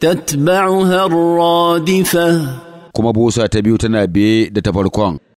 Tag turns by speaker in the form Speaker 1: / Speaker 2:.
Speaker 1: تتبعها الرادفة
Speaker 2: kuma busa ta biyu tana biye da ta farkon